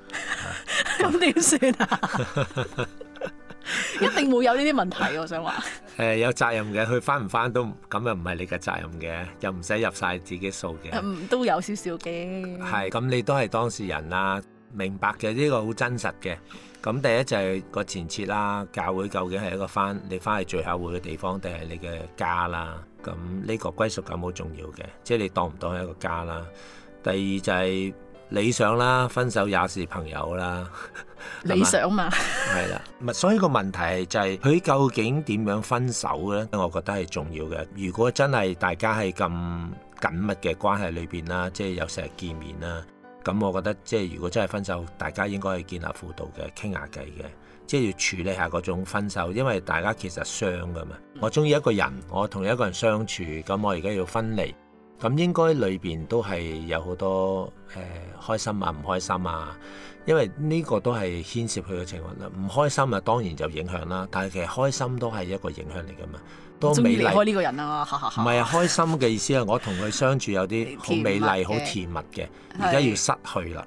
咁點算啊？ [laughs] [laughs] [laughs] 一定會有呢啲問題，我想話。誒、呃，有責任嘅，佢返唔返都咁又唔係你嘅責任嘅，又唔使入晒自己數嘅，嗯，都有少少嘅。係，咁你都係當事人啦，明白嘅呢，這個好真實嘅。咁第一就係個前設啦，教會究竟係一個返你返去聚下會嘅地方，定係你嘅家啦？咁呢個歸屬感好重要嘅，即係你當唔當係一個家啦？第二就係、是。理想啦，分手也是朋友啦。理 [laughs] 想嘛，係啦， [laughs] 所以個問題就係、是、佢究竟點樣分手呢？我覺得係重要嘅。如果真係大家係咁緊密嘅關係裏邊啦，即係有成日見面啦，咁我覺得即係如果真係分手，大家應該去見下輔導嘅，傾下偈嘅，即係要處理下嗰種分手，因為大家其實傷㗎嘛。我中意一個人，我同一個人相處，咁我而家要分離。咁應該裏邊都係有好多誒、呃、開心啊、唔開心啊，因為呢個都係牽涉佢嘅情況啦。唔開心啊，當然就影響啦。但係其實開心都係一個影響嚟噶嘛，都美麗。離開呢個人啦，唔係啊，開心嘅意思係我同佢相處有啲好美麗、好甜蜜嘅，而家要失去啦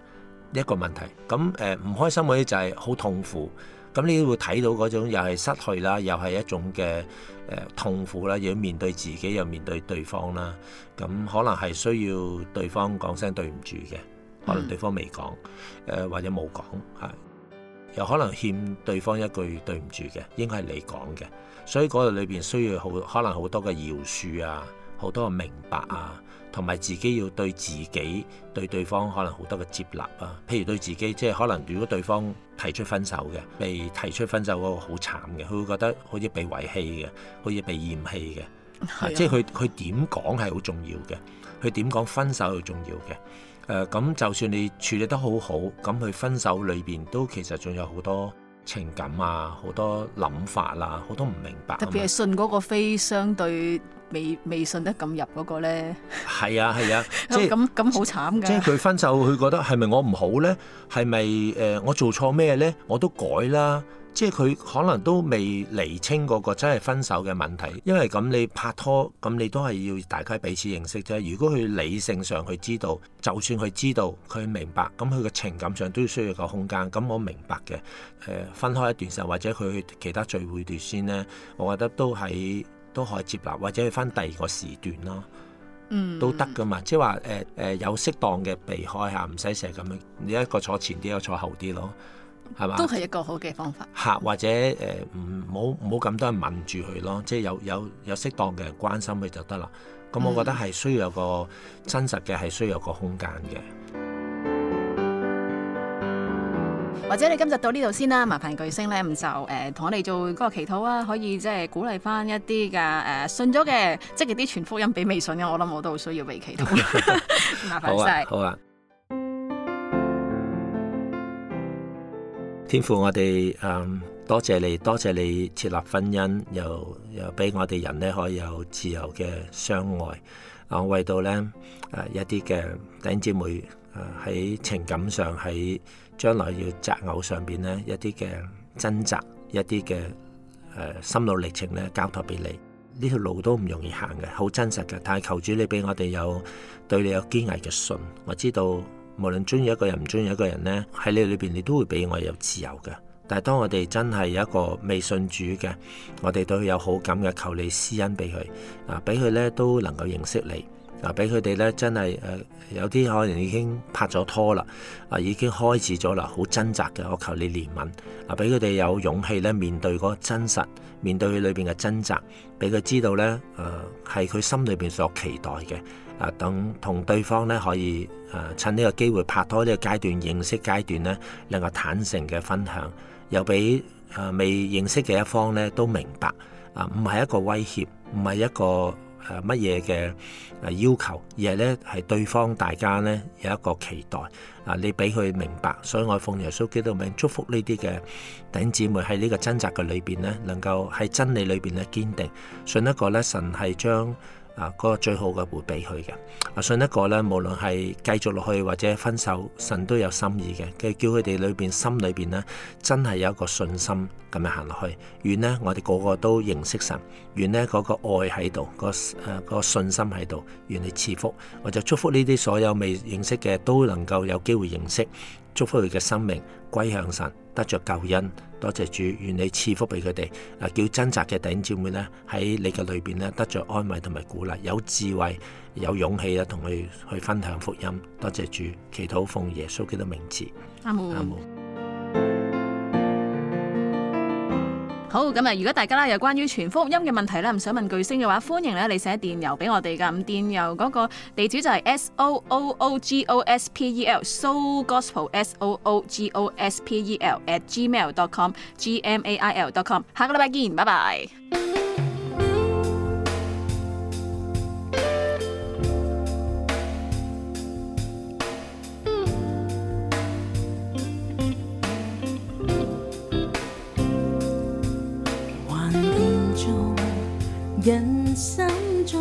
的一個問題。咁誒唔開心嗰啲就係好痛苦。咁你會睇到嗰種又係失去啦，又係一種嘅誒、呃、痛苦啦，要面對自己又面對對方啦。咁可能係需要對方講聲對唔住嘅，可能對方未講，誒、呃、或者冇講，係又可能欠對方一句對唔住嘅，應該係你講嘅。所以嗰度裏邊需要好可能好多嘅饒恕啊，好多嘅明白啊。同埋自己要對自己對，對對方可能好多嘅接納啊，譬如對自己即係可能如果對方提出分手嘅，被提出分手嗰個好慘嘅，佢會覺得好似被遺棄嘅，好似被嫌棄嘅、啊啊，即係佢佢點講係好重要嘅，佢點講分手係重要嘅。誒、呃、咁就算你處理得好好，咁佢分手裏邊都其實仲有好多情感啊，好多諗法啦、啊，好多唔明白。特別係信嗰個非，相對。未未信得咁入嗰個咧，係啊係啊，咁咁好慘㗎。 [laughs] 即係佢 [laughs] 分手，佢覺得係咪我唔好咧？係咪誒我做錯咩咧？我都改啦。即係佢可能都未釐清嗰個真係分手嘅問題。因為咁你拍拖，咁你都係要大家彼此認識啫。如果佢理性上去知道，就算佢知道，佢明白，咁佢嘅情感上都需要一個空間。咁我明白嘅。誒、呃，分開一段時間，或者佢去，去其他聚會段先咧，我覺得都係。都可以接納，或者去翻第二個時段咯，嗯，都得噶嘛。即係話誒誒有適當嘅避開下，唔使成日咁樣。你一個坐前啲，一個坐後啲咯，係嘛？都係一個好嘅方法。嚇，或者誒唔好唔好咁多人問住佢咯，即係有有有適當嘅關心佢就得啦。咁我覺得係需要有個真實嘅，係需要有個空間嘅。或者你今日到呢度先啦，麻煩巨星咧，唔就誒同、呃、我哋做嗰個祈禱啊，可以勵、呃、即係鼓勵翻一啲嘅誒信咗嘅積極啲傳福音俾未信嘅，我諗我都好需要被祈禱。 [laughs] [laughs] 麻煩晒星、啊，好啊。天父我哋誒、嗯、多謝你，多謝你設立婚姻，又又俾我哋人咧可以有自由嘅相愛，啊為到咧誒、啊、一啲嘅弟兄姊妹。喺情感上，喺將來要擇偶上邊呢，一啲嘅掙扎，一啲嘅誒心路歷程呢，交託俾你。呢條路都唔容易行嘅，好真實嘅。但係求主你，你俾我哋有對你有堅毅嘅信。我知道，無論中意一個人唔中意一個人呢，喺你裏邊，你都會俾我有自由嘅。但係當我哋真係有一個未信主嘅，我哋對佢有好感嘅，求你施恩俾佢啊，俾佢呢，都能夠認識你。嗱，俾佢哋咧，真係誒有啲可能已經拍咗拖啦，啊已經開始咗啦，好掙扎嘅，我求你憐憫。啊，俾佢哋有勇氣咧面對嗰真實，面對佢裏邊嘅掙扎，俾佢知道咧誒係佢心裏邊所期待嘅。啊，等同對方咧可以誒趁呢個機會拍拖呢個階段認識階段咧，能夠坦誠嘅分享，又俾誒、呃、未認識嘅一方咧都明白，啊唔係一個威脅，唔係一個。誒，乜嘢嘅誒要求，而係咧係對方大家咧有一個期待啊，你俾佢明白，所以我奉耶穌基督名祝福呢啲嘅頂姊妹喺呢個掙扎嘅裏邊咧，能夠喺真理裏邊咧堅定信一個咧神係將。啊！嗰個最好嘅會俾佢嘅，啊信一個咧，無論係繼續落去或者分手，神都有心意嘅。佢叫佢哋裏邊心裏邊咧，真係有一個信心咁樣行落去。願咧我哋個個都認識神，願咧嗰個愛喺度，那個誒嗰、呃那個、信心喺度。願你賜福，我就祝福呢啲所有未認識嘅，都能夠有機會認識。祝福佢嘅生命歸向神，得着救恩。多謝主，願你賜福俾佢哋。嗱，叫掙扎嘅弟兄姊妹咧喺你嘅裏邊咧得着安慰同埋鼓勵，有智慧、有勇氣啊，同佢去分享福音。多謝主，祈禱奉耶穌基督名賜。阿母、嗯。好，咁啊！如果大家啦，有關於全福音嘅問題咧，唔想問巨星嘅話，歡迎咧你寫電郵俾我哋㗎。咁電郵嗰個地址就係 s o o o g o s p e l，so gospel s o o g o s p e l at gmail dot com，g m a i l dot com。下個禮拜見，拜拜。